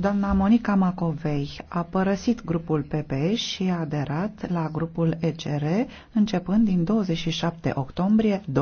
Doamna Monica Macovei a părăsit grupul PPE și a aderat la grupul ECR începând din 27 octombrie